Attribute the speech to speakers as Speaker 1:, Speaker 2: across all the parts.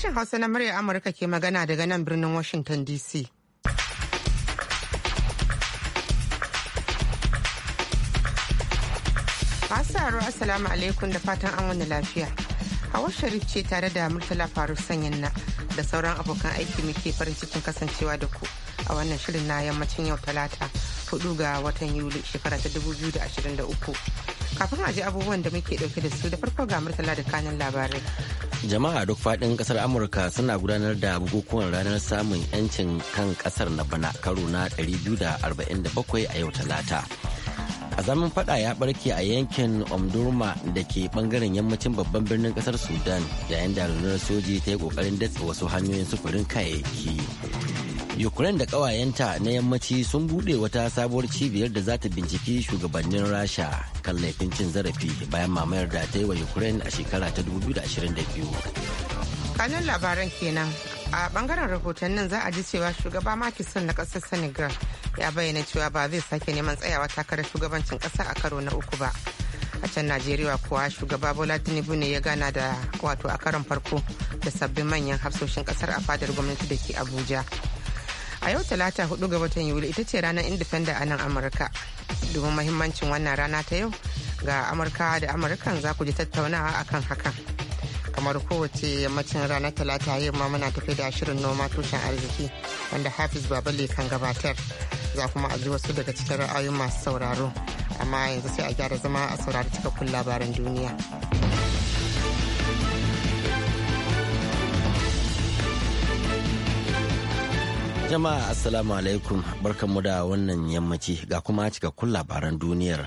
Speaker 1: Sashen Hausa na murya Amurka ke magana daga nan birnin Washington DC. Masu haro Assalamu alaikum da fatan an wani lafiya. Hawa Sharif ce tare da Murtala Faru Sanyin na da sauran abokan aiki muke farin cikin kasancewa da ku a wannan shirin na yammacin yau talata hudu ga watan Yuli shekara ta 2023. Kafin a ji abubuwan da muke dauke da su da farko ga Murtala da kanin labarai.
Speaker 2: jama'a duk faɗin ƙasar amurka suna gudanar da bukukuwan ranar samun 'yancin kan ƙasar na bana karo na 247 a yau talata azamin fada ya barke a yankin omdurma da ke bangaren yammacin babban birnin kasar sudan yayin da rundunar soji ta yi kokarin datse wasu hanyoyin sufurin kayayyaki Ukraine da ƙawayenta na yammaci sun buɗe wata sabuwar cibiyar da za ta binciki shugabannin Rasha kan laifin cin zarafi bayan mamayar da ta yi wa Ukraine a shekara ta 2022.
Speaker 1: Kanun labaran kenan a bangaren nan za a ji cewa shugaba maki Sall na ƙasar Senegal ya bayyana cewa ba zai sake neman tsayawa takarar shugabancin ƙasa a karo na uku ba. a can najeriya kuwa shugaba bola tinubu ne ya gana da wato a karon farko da sabbin manyan hafsoshin kasar a fadar gwamnati da ke abuja a yau talata hudu ga watan yuli ita ce ranar independent a nan amurka domin mahimmancin wannan rana ta yau ga amurka da amurkan za ku ji tattaunawa akan hakan kamar kowace yammacin ranar talata yau ma muna tafi da shirin noma tushen arziki wanda hafiz baballe kan gabatar za kuma a ji wasu daga cikin ra'ayoyin masu sauraro amma yanzu sai a gyara zama a saurari cikakkun labaran duniya.
Speaker 2: Jama'a Assalamu alaikum barkanmu da wannan yammaci ga kuma cikakkun labaran duniyar.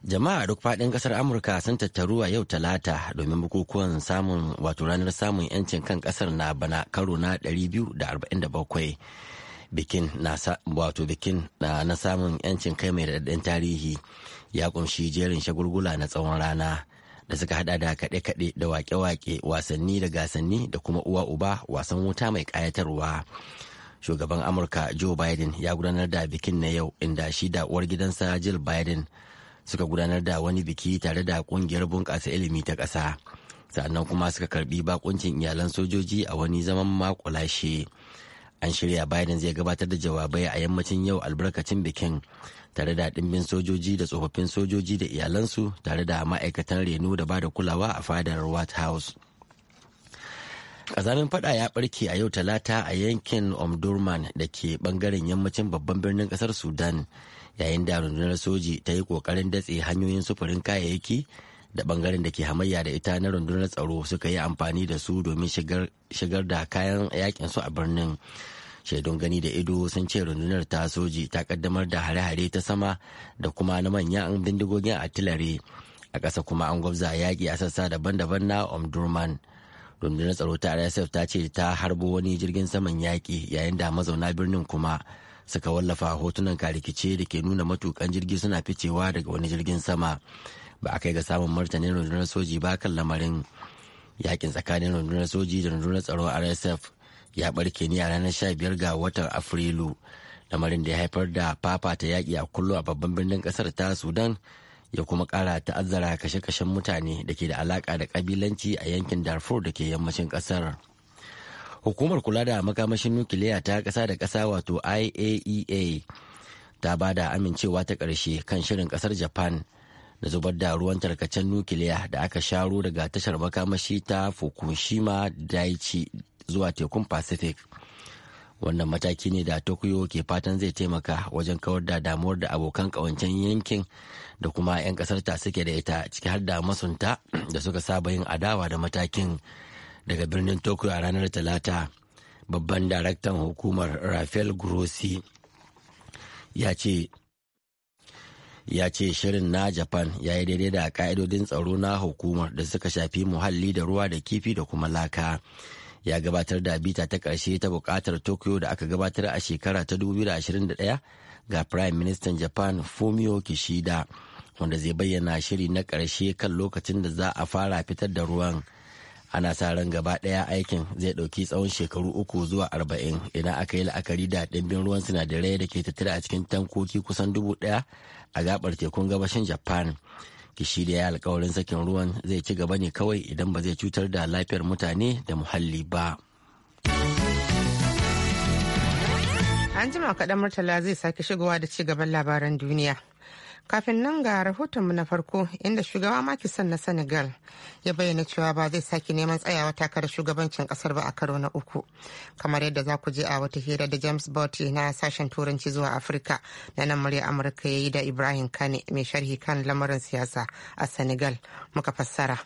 Speaker 2: Jama'a duk faɗin ƙasar Amurka sun tattaru a yau talata domin bukukuwan samun wato ranar samun 'yancin kan ƙasar na bana karo na 247. bikin na wato bikin na, samun yancin kai mai daɗaɗɗen tarihi ya ƙunshi jerin shagulgula na tsawon rana da suka hada da kaɗe-kaɗe da waƙe-waƙe, wasanni da gasanni da kuma uwa uba wasan wuta mai ƙayatarwa shugaban amurka joe biden ya gudanar da bikin na yau inda shi da uwar gidansa jill biden suka gudanar da wani biki tare da kungiyar bunƙasa ilimi ta ƙasa sannan kuma suka karbi bakuncin iyalan sojoji a wani zaman makulashe an shirya biden zai gabatar da jawabai a yammacin yau albarkacin bikin tare da ɗimbin sojoji da tsofaffin sojoji da iyalansu tare da ma'aikatan reno da ba da kulawa a fadar white house ƙazamin fada ya barke a yau talata a yankin Omdurman da ke bangaren yammacin babban birnin kasar Sudan yayin da rundunar soji ta yi kokarin datse hanyoyin sufurin kayayyaki da bangaren da ke hamayya da ita na rundunar tsaro suka yi amfani da su domin shigar da kayan yakin su a birnin. Shaidun gani da ido sun ce rundunar ta soji ta kaddamar da hare-hare ta sama da kuma na manyan bindigogin artillery a ƙasa kuma an gwabza yaƙi a sassa daban-daban na Omdurman. rundunar tsaro ta rsf ta ce ta harbo wani jirgin saman yaƙi yayin da mazauna birnin kuma suka wallafa hotunan karikice da ke nuna matukan jirgi suna ficewa daga wani jirgin sama ba a kai ga samun martanin rundunar soji ba kan lamarin yakin tsakanin rundunar soji da rundunar tsaro rsf ya barke ni a ranar 15 ga watan afrilu lamarin da ya haifar da fafata yaƙi a kullum a babban birnin ƙasar ta sudan ya kuma kara ta'azzara kashe-kashen mutane da ke da alaka da kabilanci a yankin darfur da ke yammacin kasar hukumar kula da makamashin nukiliya ta kasa da kasa wato iaea e ta ba da amincewa ta ƙarshe kan shirin kasar japan da zubar da ruwan tarkacen nukiliya da aka sharo daga tashar makamashi ta fukushima daichi zuwa tekun pacific wannan mataki ne da tokyo ke fatan zai taimaka wajen kawar da damuwar da abokan kawancen yankin da kuma 'yan kasarta suke da ita ciki har da masunta da suka saba yin adawa da matakin daga birnin tokyo a ranar talata babban daraktan hukumar rafael grossi ya ce ya ce shirin na japan ya yi daidai da ka'idodin tsaro na hukumar da suka shafi muhalli da ruwa da kifi da kuma laka ya gabatar da bita ta karshe ta bukatar tokyo da aka gabatar a shekara ta 2021 ga prime minister japan fumio kishida wanda zai bayyana shiri na karshe kan lokacin da za a fara fitar da ruwan ana sa ran gaba ɗaya aikin zai ɗauki tsawon shekaru uku zuwa arba'in idan aka yi la'akari da ɗimbin ruwan sinadarai da ke tattara a cikin tankoki kusan dubu ɗaya a gabar tekun gabashin japan shi da ya alkawarin sakin ruwan zai ci gaba ne kawai idan ba zai cutar da lafiyar mutane da muhalli ba.
Speaker 1: An jima kaɗan Murtala zai sake shigowa da ci gaban labaran duniya. kafin nan ga rahotonmu na farko inda shugaba makisan na senegal ya bayyana cewa ba zai sake neman tsayawa takarar shugabancin kasar ba a karo na uku kamar yadda za ku je a wata hira da james botti na sashen turanci zuwa afirka na nan murya amurka ya yi da ibrahim kane mai sharhi kan lamarin siyasa a senegal muka fassara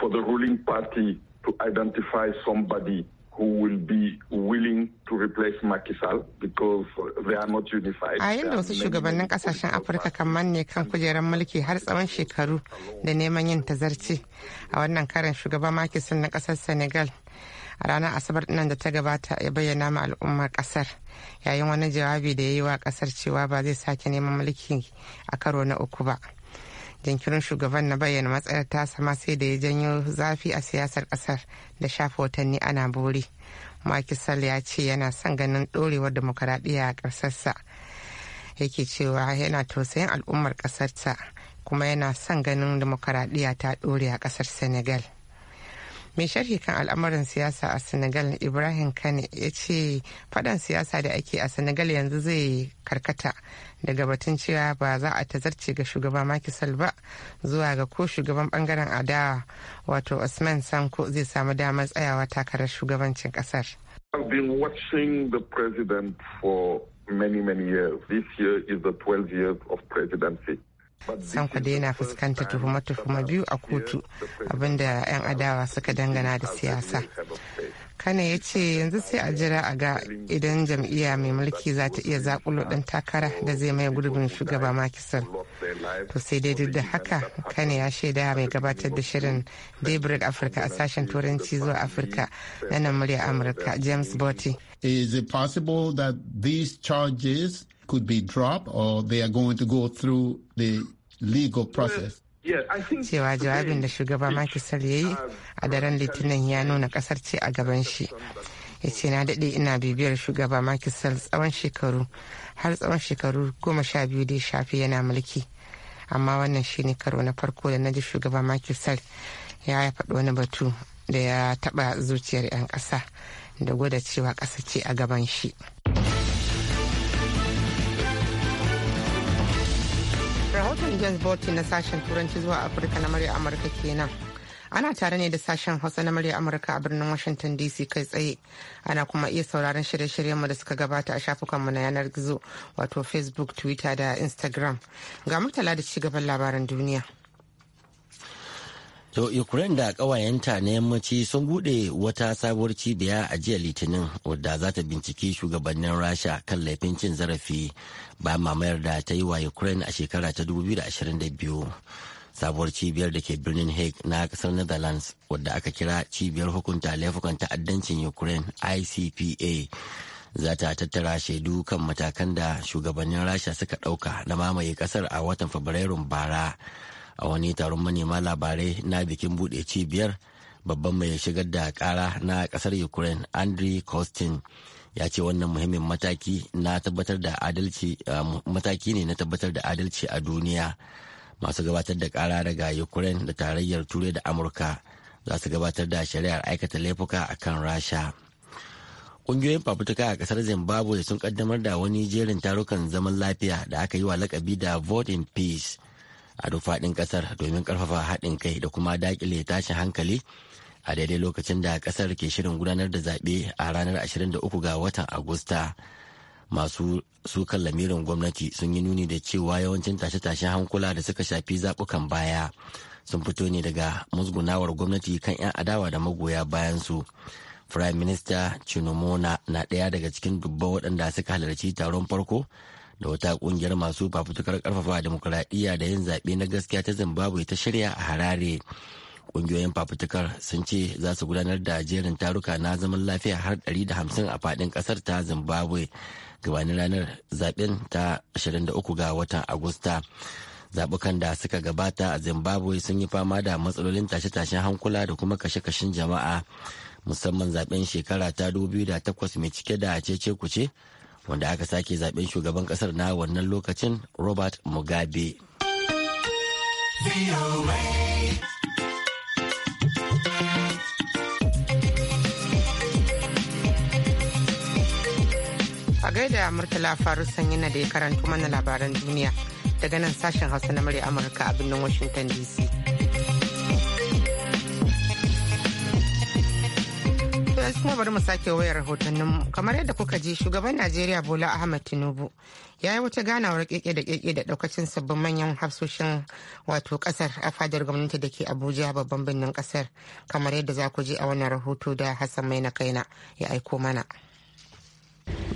Speaker 3: for the ruling party to identify somebody who will be willing to replace Macky Sall because they are A yin da wasu shugabannin
Speaker 1: kasashen Afirka kan manne kan kujerar mulki har tsawon shekaru da neman yin tazarci a wannan karin shugaba Macky na kasar Senegal a ranar Asabar nan da ta gabata ya bayyana ma al'ummar kasar yayin wani jawabi da ya yi wa kasar cewa ba zai sake neman mulki a karo na uku ba. jinkirin shugaban na bayyana matsayar tasa ma sai da ya janyo zafi a siyasar kasar da shafa watanni ana buri makisal ya ce yana son ganin dorewar demokaradiyya a ƙarsarsa yake cewa yana tausayin al'ummar ƙasarsa kuma yana son ganin demokaradiyya ta dore a ƙasar senegal mai sharhi kan al'amarin siyasa a senegal ibrahim kane ya ce faɗan siyasa da ake a senegal yanzu zai karkata daga batun cewa ba za a tazarce ga shugaba makisal ba zuwa ga ko shugaban bangaren adawa wato Usman Sanko zai samu damar tsayawa takarar shugabancin kasar.
Speaker 3: the president many, many years. This year is the 12 years of presidency.
Speaker 1: san ku daina fuskantar tuhuma-tuhuma biyu a kotu abinda 'yan adawa suka dangana da siyasa kane ya ce yanzu sai a jira a ga idan jam'iyya mai mulki za ta iya zakulo ɗan takara da zai mai gurbin shugaba makisar to sai dai duk da haka kane ya shaida mai gabatar da shirin daybreak afirka a sashen turanci zuwa afirka na nan murya amurka james botti
Speaker 4: is it possible that these charges could be dropped or they are going to go through the legal process?
Speaker 1: cewa jawabin da shugaba makisar yayi ya yi um, a daren litinin ya nuna kasar ce a gaban shi ya ce na daɗe ina bibiyar shugaba makisar tsawon shekaru har tsawon shekaru goma sha biyu da shafi yana mulki amma wannan shine karo na farko da na ji shugaba makisar ya ya faɗi wani batu da ya taɓa zuciyar 'yan ƙasa da gwada cewa ƙasa ce a gaban shi. Lieutenant James Bolton na sashen Turanci zuwa Afirka na murya Amurka kenan. Ana tare ne da sashen Hausa na murya Amurka a birnin Washington DC kai tsaye. Ana kuma iya sauraron shirye shiryen mu da suka gabata a shafukanmu na yanar gizo wato Facebook, Twitter da Instagram. Ga murtala da ci gaban labaran duniya.
Speaker 2: To Ukraine da ƙawayenta na yammaci sun buɗe wata sabuwar cibiya a jiya Litinin wadda za ta binciki shugabannin Rasha kan laifin cin zarafi ba mamayar da ta yi wa Ukraine a shekara ta 2022. Sabuwar cibiyar da ke birnin Hague na ƙasar Netherlands wadda aka kira cibiyar hukunta laifukan ta'addancin Ukraine ICPA za ta tattara shaidu kan matakan da shugabannin Rasha suka ɗauka na mamaye ƙasar a watan Fabrairun bara. a wani taron manema labarai na bikin buɗe cibiyar babban mai shigar da kara na kasar ukraine andre kostin ya ce wannan muhimmin mataki na tabbatar da adalci mataki ne na tabbatar da adalci a duniya masu gabatar da kara daga ukraine da tarayyar turai da amurka za su gabatar da shari'ar aikata laifuka a kan rasha ƙungiyoyin fafutuka a ƙasar zimbabwe sun ƙaddamar da wani jerin tarukan zaman lafiya da aka yi wa lakabi da vote in peace a duk fadin ƙasar domin karfafa haɗin kai da kuma daƙile tashin hankali a daidai lokacin da kasar ke shirin gudanar da zaɓe a ranar 23 ga watan agusta masu sukan lamirin gwamnati sun yi nuni da cewa yawancin tashe-tashen hankula da suka shafi zaɓukan baya sun fito ne daga musgunawar gwamnati kan 'yan adawa da magoya bayan su. Prime Minister Chinomona na ɗaya daga cikin dubban waɗanda suka halarci taron farko da wata kungiyar masu fafutukar karfafa demokuraɗiyya da yin zaɓe na gaskiya ta zimbabwe ta shirya a harare kungiyoyin fafutukar sun ce za su gudanar da jerin taruka na zaman lafiya har 150 a faɗin ƙasar ta zimbabwe gabanin ranar zaɓen ta 23 ga watan agusta zaɓukan da suka gabata a zimbabwe sun yi fama da matsalolin tashe-tashen hankula da kuma kashe-kashen jama'a musamman zaɓen shekara ta 2008 mai cike da cece kuce wanda aka sake zaben shugaban kasar na wannan lokacin robert mugabe
Speaker 1: a gaida murtala faru sanyi na da ya karanto mana labaran duniya daga nan sashen hausa na murya amurka a birnin washington dc yanzu kuma bari mu sake wayar rahotannin kamar yadda kuka ji shugaban najeriya bola ahmad tinubu ya yi wata ganawar keke da keke da daukacin sabbin manyan hafsoshin wato kasar a fadar gwamnati da ke abuja babban birnin kasar kamar yadda za ku ji a wannan rahoto da hassan mai na kaina ya aiko mana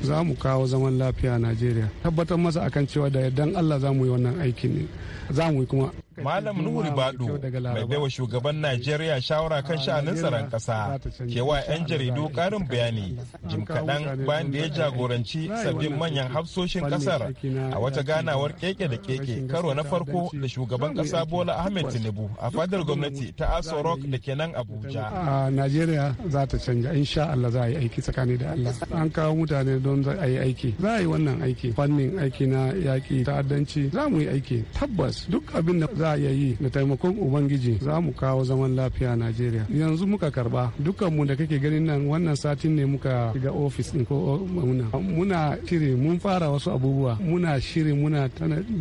Speaker 3: za mu kawo zaman lafiya a najeriya tabbatar masa akan cewa da yardan allah za mu yi wannan aikin ne za mu yi kuma Malam Nuhuri Bado mai baiwa shugaban Najeriya shawara kan sha'anin tsaron kasa ke wa 'yan jaridu karin bayani jim kaɗan bayan da ya jagoranci sabbin manyan hafsoshin kasar a wata ganawar keke da keke karo na farko da shugaban kasa Bola Ahmed Tinubu a fadar gwamnati ta Aso Rock da ke nan Abuja. A Najeriya za ta canja sha Allah za a yi aiki tsakani da Allah. An kawo mutane don za a yi aiki. Za a yi wannan aiki fannin aiki na yaƙi ta'addanci za mu yi aiki tabbas duk abin da za a iya yi da taimakon ubangiji za mu kawo zaman lafiya a najeriya yanzu muka karba dukkanmu da kake ganin nan wannan satin ne muka shiga ofis ɗin ko muna muna shiri mun fara wasu abubuwa muna shiri muna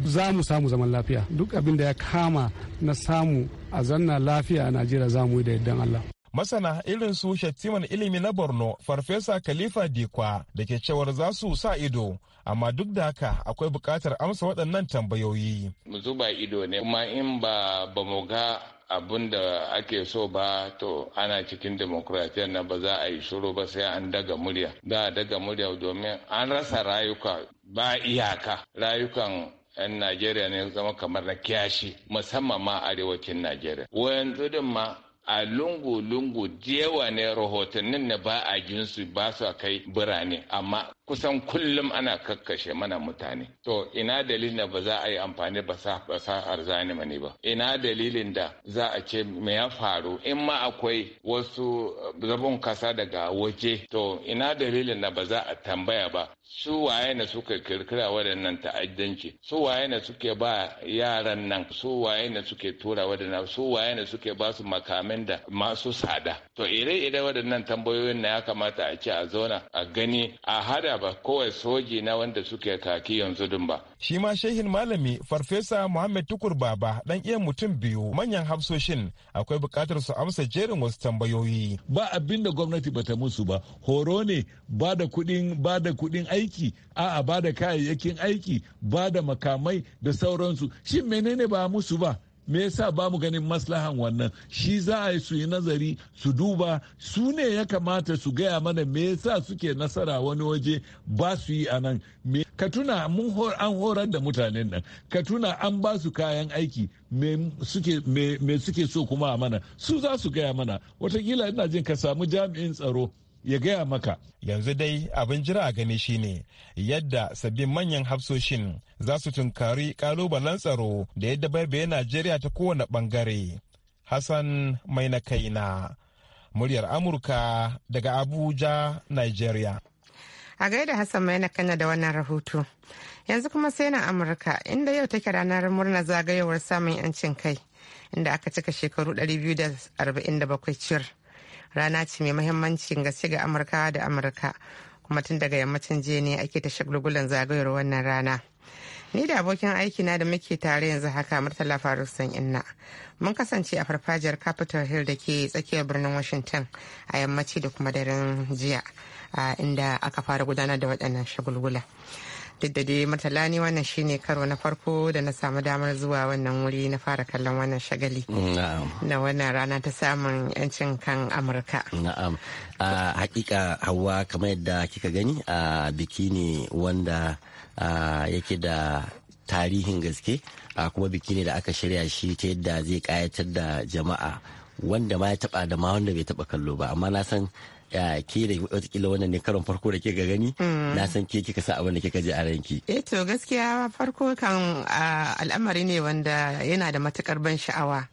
Speaker 3: za mu samu zaman lafiya duk abin da ya kama na samu a zanna lafiya a najeriya za mu yi da yardan allah masana irin su shattiman ilimi na borno farfesa khalifa dikwa da ke cewar za su sa ido amma duk da haka akwai buƙatar amsa waɗannan tambayoyi.
Speaker 5: Mu zuba ido ne kuma in ba ba mu ga abin da ake so ba to ana cikin demokuratiyar na ba za a yi shuru ba sai an daga murya. Za a daga murya domin an rasa rayuka ba iyaka rayukan 'yan Najeriya ne zama kamar na kiyashi musamman ma arewacin Najeriya. Wayan ma a lungu-lungu jewa ne rahotannin na ba a ginsu ba su kai birane amma kusan kullum ana kakkashe mana mutane to ina dalilin da ba za a yi amfani ba sa fasahar zane ne ba ina dalilin da za a ce me ya faru in ma akwai wasu eh, zabon kasa daga waje to ina dalilin da ba za a tambaya ba su waye ne suka kirkira waɗannan ta'addanci su waye ne suke ba yaran nan su waye ne suke tura waɗannan su waye ne suke ba su makamin da masu sada to ire-ire waɗannan tambayoyin na ya kamata a ce a zauna a gani a hada ba kowai soji na wanda suke kaki yanzu din ba
Speaker 3: shi ma shehin malami farfesa muhammad tukur baba dan iya mutum biyu manyan hafsoshin akwai bukatar su amsa jerin wasu tambayoyi ba abin da gwamnati bata musu ba horo
Speaker 5: ne ba da kuɗin ba da kuɗin aiki a'a ba da kayayyakin aiki ba da makamai da sauransu shi menene ba musu ba me yasa ba mu ganin maslahan wannan shi za a yi su yi nazari su duba su ne ya kamata su gaya mana me yasa suke nasara wani waje ba su yi a nan ka tuna mun an horar da mutanen nan ka tuna an ba su kayan aiki me suke so
Speaker 3: kuma a mana su za su gaya mana watakila ina jin ka samu jami'in tsaro ya gaya maka. Yanzu dai abin jira a gani shine yadda sabbin manyan hafsoshin za su tunkari kalubalen tsaro da yadda baibaye Najeriya ta kowane bangare. Hassan mai na kaina, muryar Amurka daga Abuja, Nigeria.
Speaker 1: a gaida hassan mai na kanya da wannan rahoto yanzu kuma sai na amurka inda yau take ranar murna zagayowar samun yancin kai inda aka cika shekaru 247 cir rana ce mai mahimmancin gaske ga amurka da amurka kuma tun daga yammacin jiya ne ake ta shagulgulan zagayowar wannan rana ni da abokin aikina da muke tare yanzu haka murtala faruk san inna mun kasance a farfajiyar capitol hill da ke tsakiyar birnin washington a yammaci da kuma daren jiya inda aka fara gudanar da waɗannan shagulgula duk da dai wannan shine karo na farko da na samu damar zuwa wannan wuri na fara kallon wannan shagali na wannan rana ta samun yancin kan amurka na'am a hakika hawa
Speaker 2: kamar yadda kika gani a biki ne wanda yake da tarihin gaske kuma biki ne da aka shirya shi ta yadda zai kayatar da jama'a wanda ma ya taba da ma wanda bai taba kallo ba amma na san ke da watakila wannan ne karon farko da ke ka gani mm. na san ke kika sa abin da kika ji a ranki
Speaker 1: eh to gaskiya farko kan ah, al'amari ne wanda yana da matukar ban sha'awa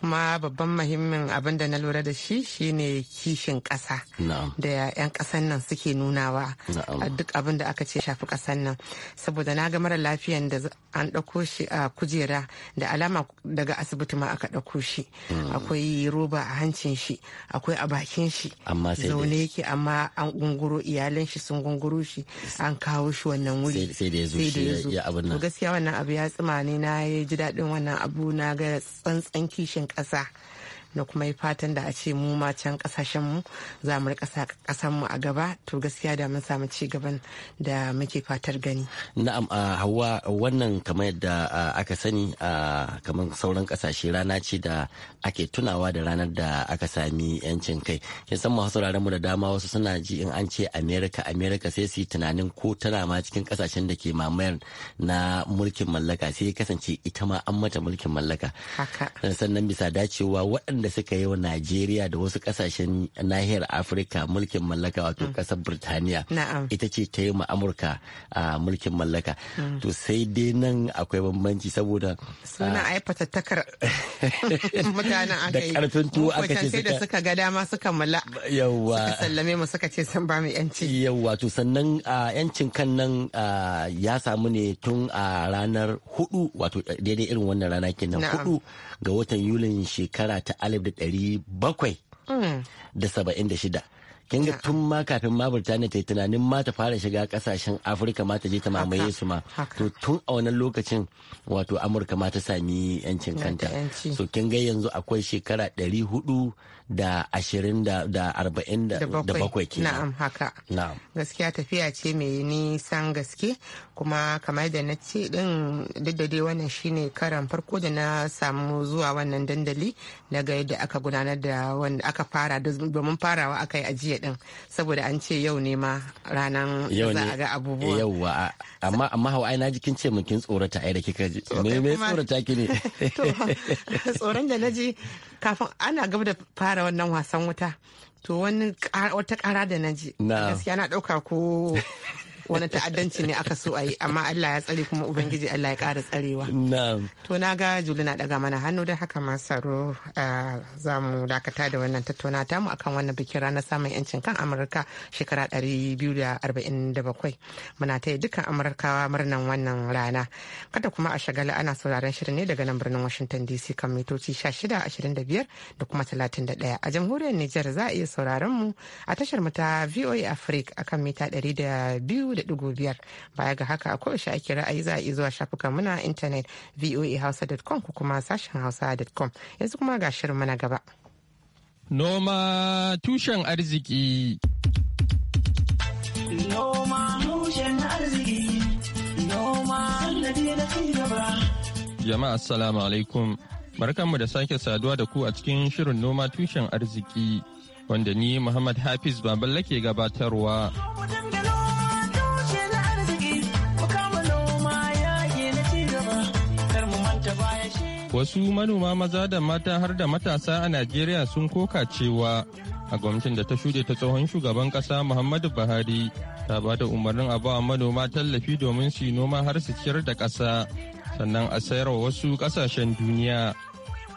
Speaker 1: kuma babban muhimmin abin da na lura da shi shine kishin kasa da 'yan ƙasan nan suke nunawa a duk abin da aka ce shafi kasan nan saboda na ga mara lafiyan da an ɗauko shi a kujera da alama daga asibiti ma aka ɗauko shi hmm. akwai roba a hancin shi akwai a bakin shi zaune yake amma an gunguro iyalan shi sun gunguro shi an kawo shi wannan wuri sai da ya zo gaskiya wannan abu ya tsima ne na ji daɗin wannan abu na ga tsantsan kishin 阿萨。na kuma yi fatan da a ce mu ma can kasashen mu za mu rika kasan mu a gaba to gaskiya da mun samu ci gaban da muke fatar gani
Speaker 2: na'am a hawa wannan kamar yadda aka sani a kamar sauran kasashe rana ce da ake tunawa da ranar da aka sami yancin kai kin san masu mu da dama wasu suna ji in an ce america america sai su tunanin ko tana ma cikin kasashen da ke mamayar na mulkin mallaka sai ya kasance ita ma an mata mulkin mallaka sannan bisa dacewa waɗanda da suka yi wa Najeriya da wasu kasashen nahiyar Afirka mulkin mallaka wato kasar mm. Birtaniya ita ce ta yi ma Amurka mulkin mallaka. Mm. To sai dai nan akwai bambanci saboda suna ai fatattakar
Speaker 1: mutanen aka yi. Da ƙarfin tuwo aka ce suka suka ga dama suka mala. Yawwa. Suka sallame mu suka ce sun ba mu
Speaker 2: yanci. Yawwa to sannan yancin kan nan ya samu ne tun a ranar hudu wato daidai irin wannan rana kenan hudu ga watan Yulin shekara ta alif da ɗari bakwai hmm. da saba'in da shida kin ga tun ma kafin ma Burtaniya ta yi tunanin ma ta fara shiga kasashen Afirka ma ta je ta mamaye su ma to tun a wannan lokacin wato Amurka ma ta sami yancin kanta so kin ga yanzu akwai shekara ɗari hudu da ashirin da arba'in da bakwai ke na'am
Speaker 1: haka na'am gaskiya tafiya ce mai nisan gaske kuma kamar da na ce din duk da dai wannan shine karan farko da na samu zuwa wannan dandali Na ga yadda aka gudanar da wanda aka fara domin farawa aka yi ajiya din saboda an ce yau ne ma ranar za a ga abubuwa
Speaker 2: yauwa amma amma hawa na jikin ce mun kin tsorata ai da kika ji me me tsorata ki ne to
Speaker 1: tsoron da naji kafin ana gaba da fara wannan wasan wuta to wani wata kara da naji gaskiya na dauka ko wani ta'addanci ne aka so a yi amma Allah ya tsare kuma ubangiji Allah ya ƙara tsarewa to na ga juli na daga mana hannu da haka ma saro za mu dakata da wannan tattauna tamu akan wannan bikin ranar samun yancin kan amurka shekara 247 muna ta yi dukkan amurkawa murnan wannan rana kada kuma a shagala ana sauraron shirin ne daga nan birnin washington dc kan mitoci 16 25 da kuma 31 a jamhuriyar nijar za a iya sauraron mu a tashar mu ta voa africa akan mita 200 200.5 baya ga haka a kowace ake ra'ayi za a iya zuwa shafukan muna a intanet voahausa.com ko kuma sashen hausa.com yanzu kuma ga shirin mana
Speaker 6: gaba. Noma tushen arziki. Jama'a assalamu alaikum. Barkanmu da sake saduwa da ku a cikin shirin noma tushen arziki wanda ni Muhammad Hafiz Baballa ke gabatarwa. Wasu manoma maza da mata har da matasa a Najeriya sun koka cewa a gwamnatin da ta shuɗe ta tsohon shugaban ƙasa Muhammadu Buhari ta ba da umarnin a ba manoma tallafi domin su noma har su ciyar da ƙasa sannan a sayar wa wasu ƙasashen duniya.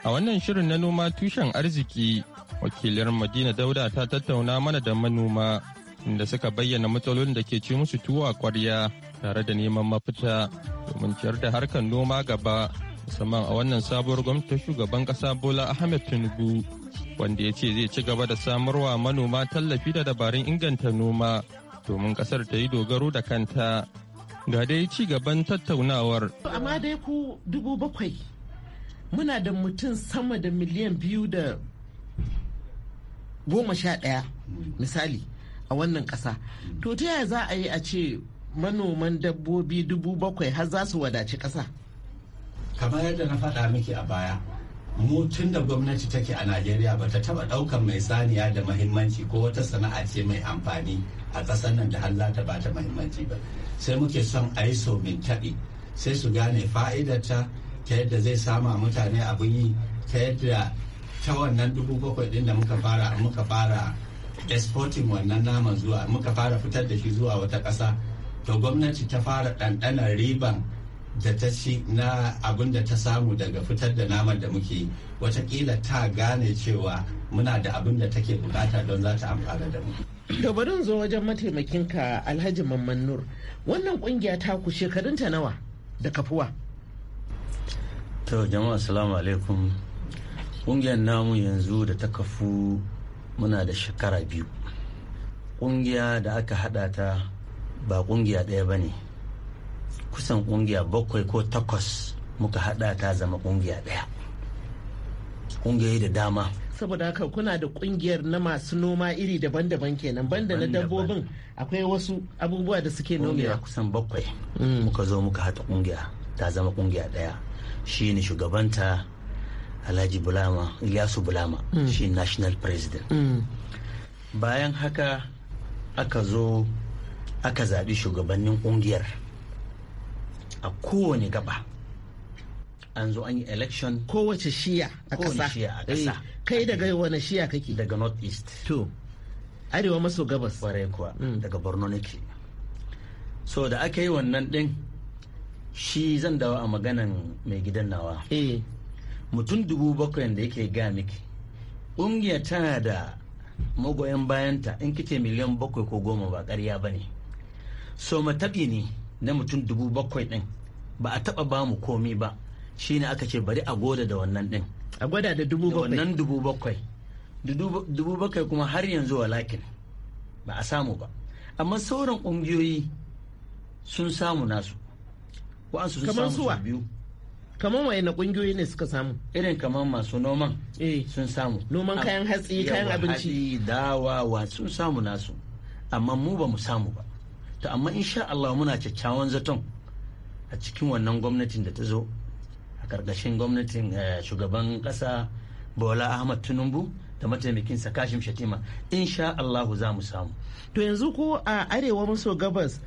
Speaker 6: A wannan shirin na noma tushen arziki wakilin Madina Dauda ta tattauna mana da manoma inda suka bayyana matsalolin da ke ci musu tuwo kwarya tare da neman mafita domin ciyar da harkar noma gaba musamman a wannan sabuwar gwamnatin shugaban kasa bola ahmed tinubu wanda ya ce zai ci gaba da samarwa manoma tallafi da dabarun inganta noma domin kasar ta yi dogaro da kanta ga dai ci gaban tattaunawar
Speaker 4: amma dai ku dubu bakwai muna da mutum sama da miliyan biyu da goma sha ɗaya misali a wannan ƙasa to ta yaya za a yi a ce manoman dabbobi dubu bakwai har za su wadaci
Speaker 7: ƙasa kamar yadda na faɗa miki a baya mu tun da gwamnati take a najeriya ba ta taɓa ɗaukar mai saniya da mahimmanci ko wata sana'a ce mai amfani a ƙasar nan da har ta ba mahimmanci ba sai muke son a yi so min taɓi sai su gane fa'idarta ta yadda zai sama mutane abin yi ta yadda ta wannan dubu bakwai ɗin da muka fara muka fara exporting wannan naman zuwa muka fara fitar da shi zuwa wata ƙasa to gwamnati ta fara ɗanɗanar riban da ta ci na abin da ta samu daga fitar da naman da muke watakila ta gane cewa muna da abin da take bukata don za ta amfana da mu.
Speaker 4: To bari zo wajen mataimakin ka Alhaji Mamman Nur. Wannan kungiya ta ku shekarun ta nawa da kafuwa?
Speaker 7: To jama'a assalamu alaikum. Kungiyar namu yanzu da ta kafu muna da shekara biyu. Kungiya da aka hada ta ba kungiya ɗaya ba ne. kusan kungiya bakwai ko takwas muka hada ta zama kungiya daya kungiyoyi da dama
Speaker 4: saboda haka kuna da kungiyar na masu noma iri daban-daban kenan banda na dabbobin akwai wasu abubuwa da suke nomewa
Speaker 7: kusan bakwai mm. muka zo muka hata kungiya ta zama kungiya daya shi ne shugabanta alhaji bulama ilyasu bulama mm. shi national president mm. bayan haka aka zo aka zaɓi shugabannin kungiyar a kowane gaba an zo an yi election kowace shiya a ƙasa eh, kai daga wani shiya kake daga north east to arewa maso gabas ƙwarai kuwa mm. daga borno nake so da aka yi wannan din shi zan dawo a maganan mai gidan nawa eh. mutum dubu bakwai da yake ga miki ƙungiya tana da magoyan bayanta in kike miliyan bakwai ko goma ba ƙarya ba ne so mataɓi ne na mutum dubu bakwai ɗin ba a taɓa ba mu komi ba shine aka ce bari a goda da wannan ɗin a gwada da dubu bakwai wannan dubu bakwai dubu bakwai kuma har yanzu walakin ba a samu ba amma sauran ƙungiyoyi sun samu nasu wa'ansu sun samu su biyu kamar wa'ina ƙungiyoyi ne suka samu irin kamar masu noman eh. sun samu noman kayan hatsi kayan abinci dawa wa sun samu nasu amma mu ba mu samu ba to amma insha Allah muna kyakkyawan zaton a cikin wannan gwamnatin da ta zo a ƙarƙashin gwamnatin eh, shugaban ƙasa Bola Ahmad tunubu da mataimakinsa Kashim Shatima insha Allah za mu samu to yanzu ko
Speaker 4: a arewa maso gabas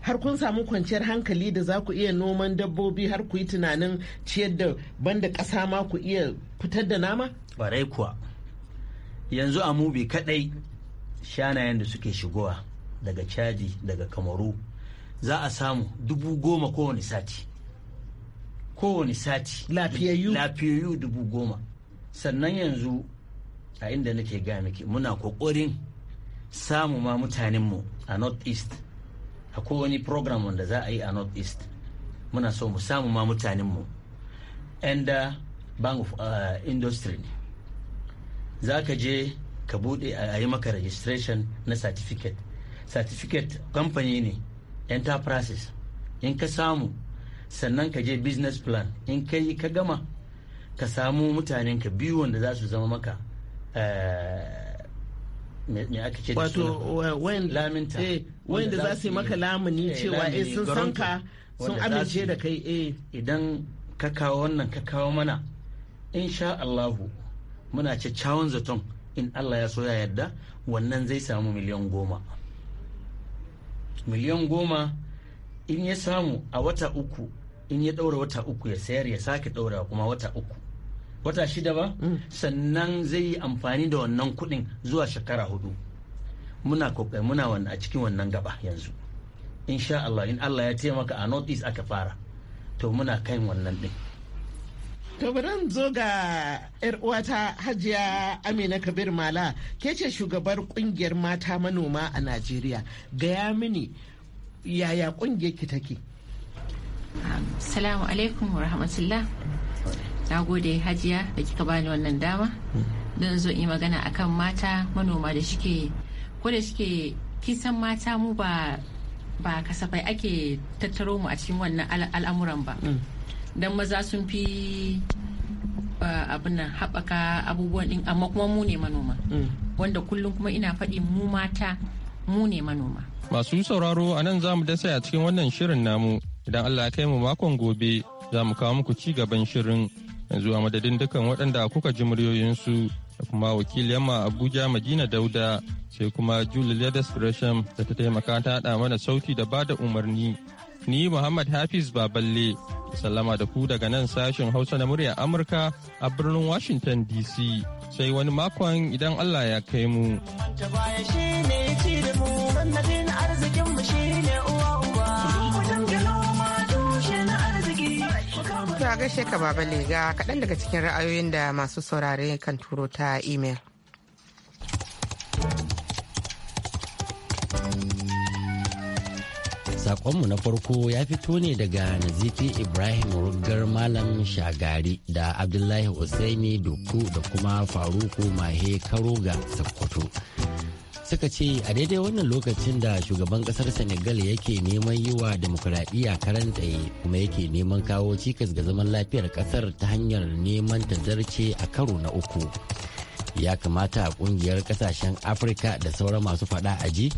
Speaker 4: har kun samu kwanciyar hankali da za ku iya noman dabbobi har ku yi tunanin ciyar da banda ƙasa ma ku iya fitar da nama?
Speaker 7: Barai kuwa. Yanzu a mubi kaɗai shanayen da suke shigowa daga chadi daga kamaru za a samu dubu goma kowane sati kowane sati lafiyayyu lafiyayyu dubu goma sannan yanzu a inda nake gaya miki muna kokorin samu ma mutanenmu a north east a wani program wanda za a yi a north east muna so mu samu ma mutanenmu enda uh, bank of uh, industry ne za ka je ka bude a yi maka registration na certificate certificate kamfani ne enterprises in ka samu sannan ka je business plan in ka yi ka gama ka samu mutanen ka biyu wanda za su zama maka eh, me aka ce wato laminta eh, wanda za su yi maka lamuni eh, cewa eh sun san ka sun amince da kai eh idan ka kawo wannan ka kawo mana insha Allahu muna kyakkyawan zaton in Allah ya so ya yadda wannan zai samu miliyan goma. miliyan goma in ya samu a wata uku in ya ɗaura wata uku ya sayar ya sake ɗaura kuma wata uku wata shida ba mm. sannan zai yi amfani da wannan kuɗin zuwa shekara hudu muna kokai muna a cikin wannan gaba yanzu insha Allah in Allah ya taimaka a northeast aka fara to muna kan wannan din.
Speaker 4: To zo ga 'yar uwata Hajiya Amina Kabir Mala ke ce shugabar kungiyar mata manoma a Najeriya. Gaya mini yaya kungiyar ki take?
Speaker 1: Salamu alaikum wa rahmatullah. Na gode Hajiya da kika bani wannan dama. Don zo yi magana akan mata manoma da shike ko da shike kisan mata mu ba ba kasafai ake tattaro mu a cikin wannan al'amuran ba. Mm. dan maza sun fi uh, abin nan haɓaka abubuwan din amma kuma mu ne manoma mm. wanda kullum kuma ina faɗi mu mata mu ne manoma
Speaker 6: masu sauraro a nan za mu dasa a cikin wannan shirin namu idan allah ya kai mu makon gobe za mu kawo muku ci gaban shirin yanzu a madadin dukan waɗanda kuka ji muryoyinsu da kuma wakil yamma abuja madina dauda sai kuma Juli ledes da ta taimaka ta haɗa mana sauti da bada umarni Ni Muhammad Hafiz Baballe, sallama da ku daga nan sashen Hausa na muryar Amurka a birnin Washington DC. Sai wani makon idan Allah ya kai mu.
Speaker 1: Ta gaishe ka babale ga kaɗan daga cikin ra'ayoyin da masu saurare kan turo ta imel.
Speaker 2: Sakonmu na farko ya fito ne daga Nazifi Ibrahim Rugar Malam Shagari da Abdullahi hussaini Doku da kuma Faruku Mahe ga Sokoto. Suka ce a daidai wannan lokacin da shugaban kasar Senegal yake neman yi wa demokuraɗiyya karan tsaye kuma yake neman kawo cikas ga zaman lafiyar kasar ta hanyar neman ta zarce a karo na uku. Ya kamata a kungiyar kasashen Afirka da sauran masu faɗa aji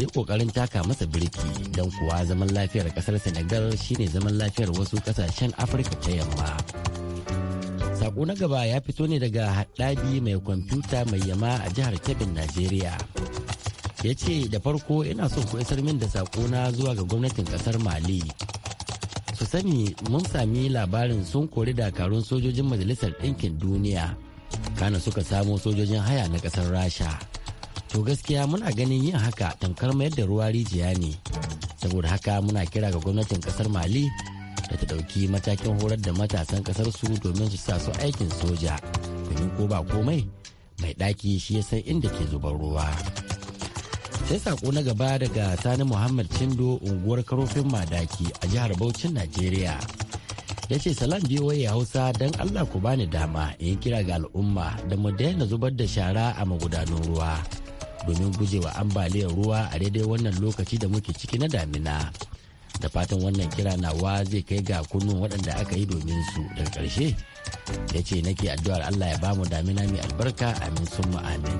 Speaker 2: ya kokarin taka masa birki don kuwa zaman lafiyar kasar senegal shine zaman lafiyar wasu kasashen afirka ta yamma sako na gaba ya fito ne daga haɗabi mai kwamfuta mai yama a jihar kebin najeriya ya ce da farko ina son ku isar min da sako na zuwa ga gwamnatin kasar mali su sani mun sami labarin sun kori dakarun sojojin majalisar ɗinkin duniya kana suka samo sojojin haya na ƙasar rasha to gaskiya muna ganin yin haka tamkar mayar da ruwa rijiya ne saboda haka muna kira ga gwamnatin kasar mali da ta ɗauki matakin horar da matasan kasar su domin su sa su aikin soja domin ko ba komai mai ɗaki shi ya san inda ke zuban ruwa sai sako na gaba daga sani muhammad cindo unguwar karofin madaki a jihar Bauchin najeriya ya ce salam ya hausa don allah ku bani dama in kira ga al'umma da mu daina zubar da shara a magudanun ruwa domin gujewa ambaliyar ruwa a daidai wannan lokaci da muke ciki na damina da fatan wannan kira nawa zai kai ga kunun waɗanda aka yi domin su daga ƙarshe ya ce nake addu'ar allah ya bamu damina mai albarka amin sun amin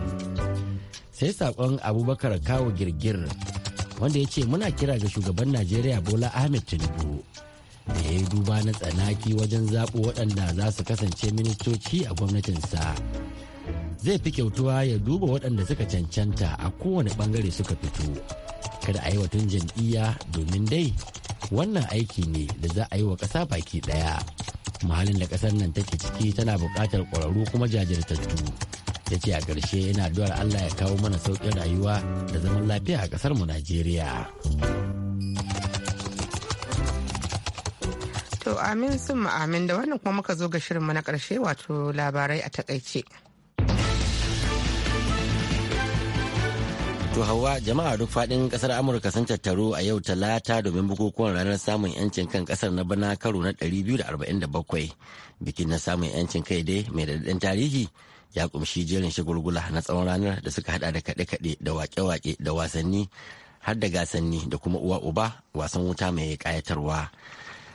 Speaker 2: sai saƙon abubakar kawo girgir wanda ya ce muna kira ga shugaban najeriya bola ahmed tinubu da ya yi duba na tsanaki wajen zaɓo waɗanda za su kasance ministoci a gwamnatinsa zai fi kyautuwa ya duba waɗanda suka cancanta a kowane ɓangare suka fito kada a yi watun jam'iyya domin dai wannan aiki ne da za a yi wa ƙasa baki ɗaya muhalin da ƙasar nan take ciki tana buƙatar ƙwararru kuma jajirtattu ya ce a ƙarshe yana addu'ar allah ya kawo mana sauƙin rayuwa da zaman lafiya a ƙasar mu najeriya
Speaker 1: to amin sun amin da wannan kuma muka zo ga shirinmu na ƙarshe wato labarai a takaice.
Speaker 2: To hawa jama'a duk faɗin kasar Amurka sun tattaro a yau talata domin bukukuwan ranar samun 'yancin kan kasar na bana karo na 247. Bikin na samun 'yancin kai dai mai daɗaɗɗen tarihi ya kumshi jerin shagulgula na tsawon ranar da suka hada da kaɗe-kaɗe da waƙe-waƙe da wasanni har da gasanni da kuma uwa uba wasan wuta mai ƙayatarwa.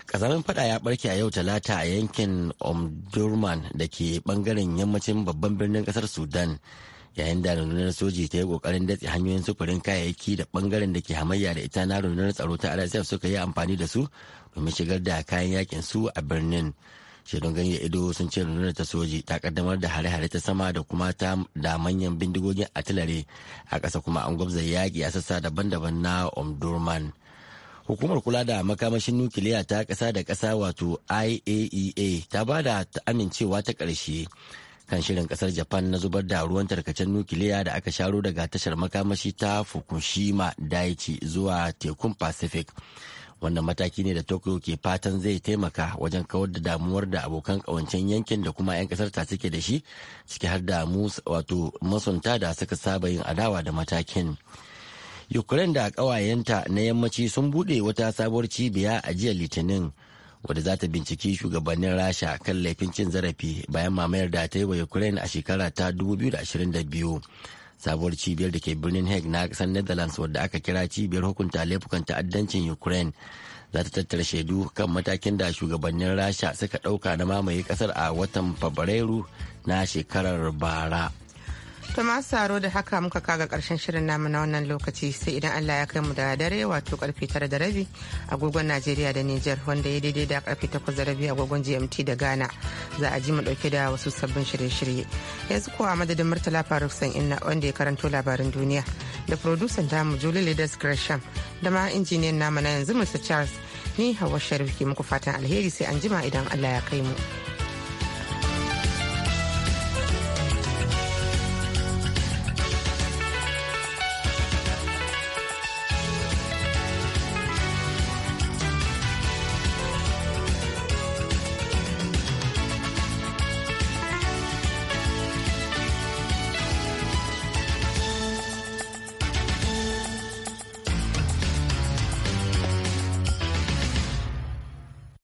Speaker 2: ƙazamin fada ya barke a yau talata a yankin omdurman da ke bangaren yammacin babban birnin ƙasar sudan yayin da rundunar soji ta yi kokarin datse hanyoyin sufurin kayayyaki da bangaren da ke hamayya da ita na rundunar tsaro ta rsf suka yi amfani da su domin shigar da kayan yakin su a birnin shaidun gani da ido sun ce rundunar ta soji ta kaddamar da hare-hare ta sama da kuma ta da manyan bindigogin atilare a ƙasa kuma an gwabza yaƙi a sassa daban-daban na omdurman hukumar kula da makamashin nukiliya ta kasa da kasa wato iaea e ta ba da amincewa ta karshe. kan shirin kasar japan na zubar da ruwan tarkacen nukiliya da aka sharo daga tashar makamashi ta fukushima daichi zuwa tekun pacific wannan mataki ne da tokyo ke fatan zai taimaka wajen kawar da damuwar da abokan kawancen yankin da kuma 'yan kasar ta suke da shi ciki har da wato masunta da suka saba yin adawa da matakin ukraine da kawayenta na yammaci sun buɗe wata sabuwar cibiya a jiya litinin wadda za ta binciki shugabannin rasha kan laifin cin zarafi bayan mamayar da ta yi wa ukraine a shekara ta 2022 sabuwar cibiyar da ke birnin hague na san netherlands wadda aka kira cibiyar hukunta laifukan ta'addancin ukraine za ta tattara shaidu kan matakin da shugabannin rasha suka ɗauka na mamaye kasar a watan fabrairu na shekarar bara.
Speaker 1: To masu saro da haka muka kaga karshen shirin namu na wannan lokaci sai idan Allah ya kai mu da dare wato karfe tara da rabi agogon Najeriya da Nijar wanda ya daidai da karfe takwas da rabi agogon GMT da Ghana za a ji mu dauke da wasu sabbin shirye-shirye. Yanzu kuwa madadin Murtala Faruk san inna wanda ya karanto labarin duniya da producer tamu Julie Leaders Gresham da ma injiniyan namu na yanzu Mr. Charles ni Hawa Sharif ke muku fatan alheri sai an jima idan Allah ya kai mu.